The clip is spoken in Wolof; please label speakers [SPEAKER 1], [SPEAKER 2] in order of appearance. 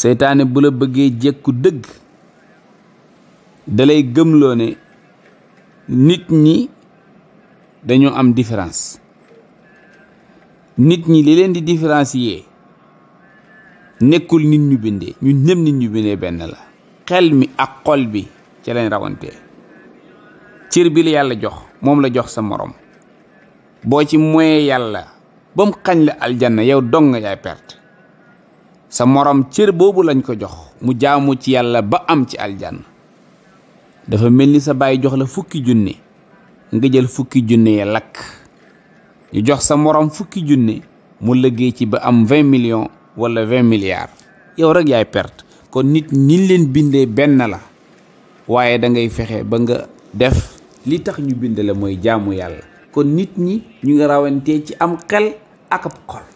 [SPEAKER 1] seytaane bu la bëggee jekku dëgg dalay gëmloo ne nit ñi dañoo am différence nit ñi li leen di différence différencier nekkul nit ñu bindee ñun ñëpp nit ñu bindee benn la xel mi ak xol bi ci lañ rawantee cër bi la yàlla jox moom la jox sa moroom boo ci moyee yàlla ba mu xañ la aljanna yow dong nga yaay perte sa morom cër boobu lañ ko jox mu jaamu ci yàlla ba am ci aljanna dafa mel ni sa baay jox la fukki junne nga jël fukki junne ya lakk ñu jox sa morom fukki junne mu liggéey ci ba am vingt million wala vingt milliards yow rek yaay perte kon nit ñi leen bindee benn la waaye dangay fexe ba nga def li tax ñu bind la mooy jaamu yàlla kon nit ñi ñu ngi rawantee ci am xel ak ab xol